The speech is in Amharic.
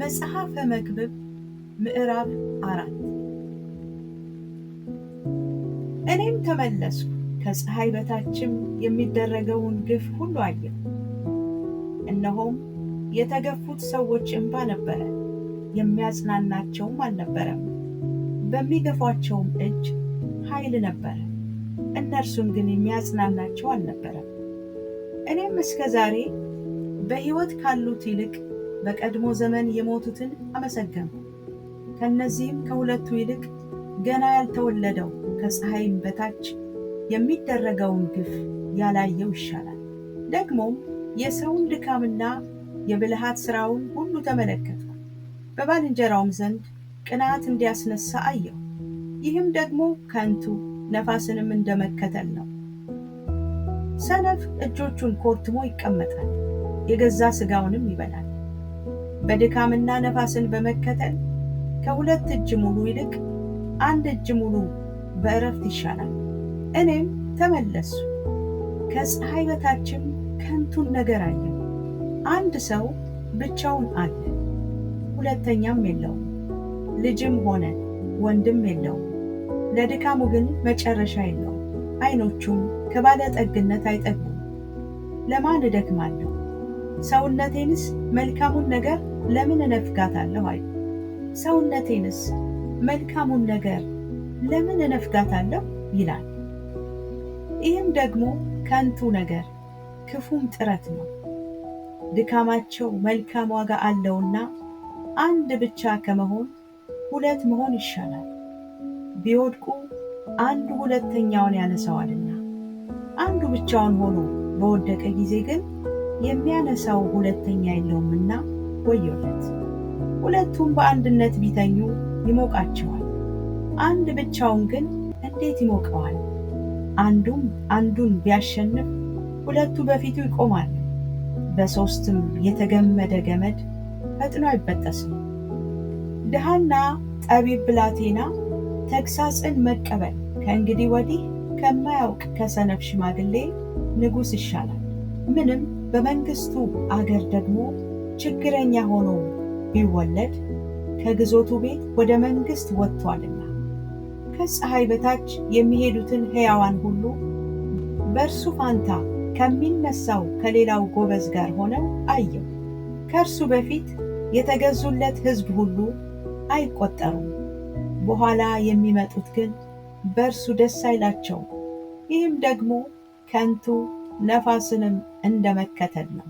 መጽሐፈ መክብብ ምዕራፍ አራት እኔም ተመለስኩ፣ ከፀሐይ በታችም የሚደረገውን ግፍ ሁሉ አየሁ። እነሆም የተገፉት ሰዎች እንባ ነበረ፣ የሚያጽናናቸውም አልነበረም። በሚገፏቸውም እጅ ኃይል ነበረ፣ እነርሱም ግን የሚያጽናናቸው አልነበረም። እኔም እስከ ዛሬ በሕይወት ካሉት ይልቅ በቀድሞ ዘመን የሞቱትን አመሰገንኩ። ከእነዚህም ከሁለቱ ይልቅ ገና ያልተወለደው ከፀሐይም በታች የሚደረገውን ግፍ ያላየው ይሻላል። ደግሞም የሰውን ድካምና የብልሃት ሥራውን ሁሉ ተመለከትኩ። በባልንጀራውም ዘንድ ቅናት እንዲያስነሳ አየሁ። ይህም ደግሞ ከንቱ ነፋስንም እንደመከተል ነው። ሰነፍ እጆቹን ኮርትሞ ይቀመጣል፣ የገዛ ሥጋውንም ይበላል። በድካምና ነፋስን በመከተል ከሁለት እጅ ሙሉ ይልቅ አንድ እጅ ሙሉ በእረፍት ይሻላል። እኔም ተመለስኩ፣ ከፀሐይ በታችም ከንቱን ነገር አየሁ። አንድ ሰው ብቻውን አለ፣ ሁለተኛም የለውም። ልጅም ሆነ ወንድም የለውም። ለድካሙ ግን መጨረሻ የለውም። አይኖቹም ከባለጠግነት አይጠግቡም። ለማን እደክማለሁ? ሰውነቴንስ መልካሙን ነገር ለምን እነፍጋታለሁ አይ ሰውነቴንስ መልካሙን ነገር ለምን እነፍጋታለሁ ይላል። ይህም ደግሞ ከንቱ ነገር ክፉም ጥረት ነው። ድካማቸው መልካም ዋጋ አለውና አንድ ብቻ ከመሆን ሁለት መሆን ይሻላል። ቢወድቁ አንዱ ሁለተኛውን ያነሳዋልና፣ አንዱ ብቻውን ሆኖ በወደቀ ጊዜ ግን የሚያነሳው ሁለተኛ የለውምና ወዮለት። ሁለቱም በአንድነት ቢተኙ ይሞቃቸዋል፣ አንድ ብቻውን ግን እንዴት ይሞቀዋል? አንዱም አንዱን ቢያሸንፍ ሁለቱ በፊቱ ይቆማሉ። በሦስትም የተገመደ ገመድ ፈጥኖ አይበጠስም። ድሃና ጠቢብ ብላቴና ተግሳጽን መቀበል ከእንግዲህ ወዲህ ከማያውቅ ከሰነፍ ሽማግሌ ንጉሥ ይሻላል። ምንም በመንግስቱ አገር ደግሞ ችግረኛ ሆኖ ቢወለድ ከግዞቱ ቤት ወደ መንግስት ወጥቷልና ከፀሐይ በታች የሚሄዱትን ሕያዋን ሁሉ በእርሱ ፋንታ ከሚነሳው ከሌላው ጎበዝ ጋር ሆነው አየው። ከእርሱ በፊት የተገዙለት ሕዝብ ሁሉ አይቆጠሩም። በኋላ የሚመጡት ግን በእርሱ ደስ አይላቸው። ይህም ደግሞ ከንቱ ነፋስንም እንደመከተል ነው።